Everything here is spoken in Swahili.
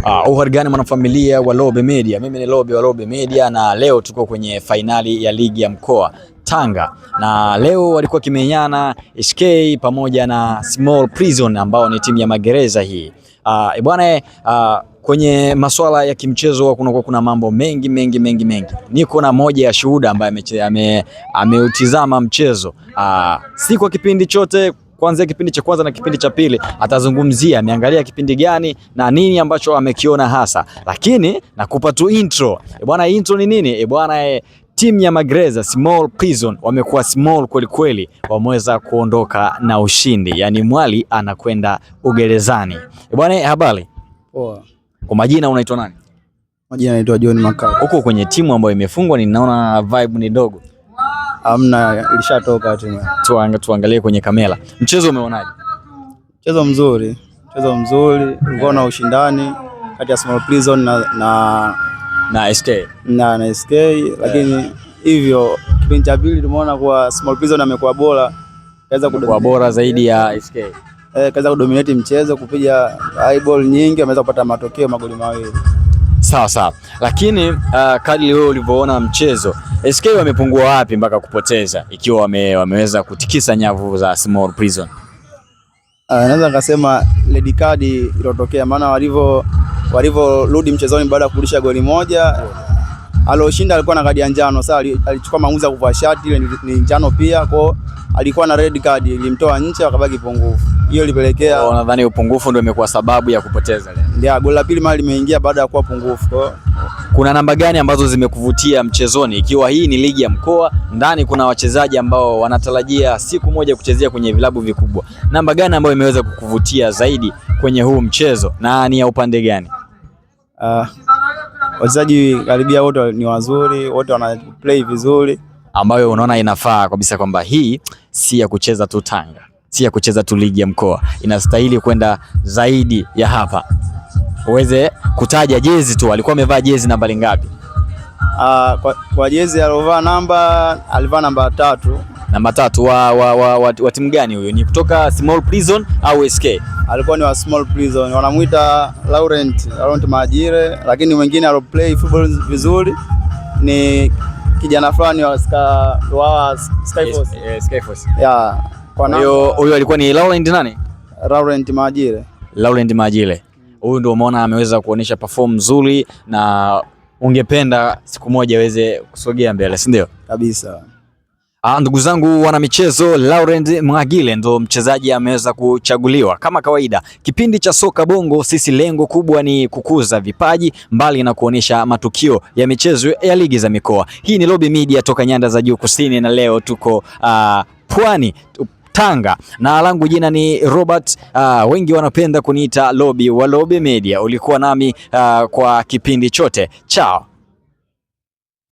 Uh, ah, uharigani mwanafamilia wa Lobe Media, mimi ni Lobe wa Lobe Media, na leo tuko kwenye fainali ya ligi ya mkoa Tanga na leo walikuwa kimenyana SK pamoja na Small Prison ambao ni timu ya magereza hii. Uh, bwana uh, kwenye masuala ya kimchezo kunakuwa kuna mambo mengi mengi mengi mengi. Niko na moja ya shuhuda ambaye ameutizama mchezo uh, si kwa kipindi chote kuanzia kipindi cha kwanza na kipindi cha pili, atazungumzia ameangalia kipindi gani na nini ambacho amekiona hasa, lakini nakupa tu intro e bwana. Intro ni nini e bwana e, timu ya Magreza Small Prison wamekuwa small kweli kweli, wameweza kuondoka na ushindi, yaani mwali anakwenda ugerezani e bwana. E, habari poa, kwa majina unaitwa nani? Majina anaitwa John Makao. Huko kwenye timu ambayo imefungwa, ninaona vibe ni dogo Amna, ilishatoka tuanga, tuangalie kwenye kamera. Mchezo umeonaje? Mchezo mzuri, mchezo mzuri ulikuwa na ushindani kati ya Small Prison na na na SK na, na SK yeah. lakini Hivyo kipindi cha pili tumeona kwa Small Prison amekuwa bora, kaweza kuwa bora zaidi ya SK eh, kaweza kudominate mchezo kupiga high ball nyingi, ameweza kupata matokeo magoli mawili. Sawa sawa, lakini uh, kadri wewe ulivyoona mchezo SK wamepungua wapi mpaka kupoteza ikiwa wame, wameweza kutikisa nyavu za Small Prison? Uh, naweza nikasema red card ilotokea, maana walivyo walivyorudi mchezoni baada ya kurudisha goli moja aloshinda alikuwa na kadi ya njano. Sasa alichukua maamuzi ya kuvaa shati ile ni njano pia, kwa alikuwa na red card ilimtoa nje, akabaki pungufu. Hiyo ilipelekea nadhani upungufu ndio imekuwa sababu ya kupoteza leo. Ndio goli la pili mali limeingia baada ya kuwa pungufu kwa kuna namba gani ambazo zimekuvutia mchezoni, ikiwa hii ni ligi ya mkoa ndani kuna wachezaji ambao wanatarajia siku moja kuchezea kwenye vilabu vikubwa? Namba gani ambayo imeweza kukuvutia zaidi kwenye huu mchezo na ni ya upande gani? Uh, wachezaji karibia wote ni wazuri, wote wana play vizuri, ambayo unaona inafaa kabisa kwamba hii si ya kucheza tu Tanga, si ya kucheza tu ligi ya mkoa, inastahili kwenda zaidi ya hapa uweze kutaja jezi tu, alikuwa amevaa jezi namba ngapi? Uh, kwa, kwa jezi aliovaa namba alivaa namba tatu. Namba tatu wa, wa, wa, wa, wa timu gani huyo? Ni kutoka Small Prison au SK? Alikuwa ni wa Small Prison, wanamuita Laurent, Laurent Majire, lakini mwingine aloplay football vizuri ni kijana fulani wa ska, wa Skyforce. Eh, eh, yeah. Kwa hiyo huyo alikuwa ni Laurent nani? Laurent Majire. Laurent Majire. Huyu ndio umeona ameweza kuonyesha perform nzuri, na ungependa siku moja aweze kusogea mbele, si ndio? Kabisa. Ah, ndugu zangu wana michezo, Laurent Mwagile ndo mchezaji ameweza kuchaguliwa. Kama kawaida, kipindi cha soka Bongo, sisi lengo kubwa ni kukuza vipaji mbali na kuonyesha matukio ya michezo ya ligi za mikoa. Hii ni Lobby Media toka nyanda za juu kusini, na leo tuko uh, Pwani. Tanga na langu jina ni Robert. Uh, wengi wanapenda kuniita Lobi wa Lobi Media. Ulikuwa nami uh, kwa kipindi chote chao.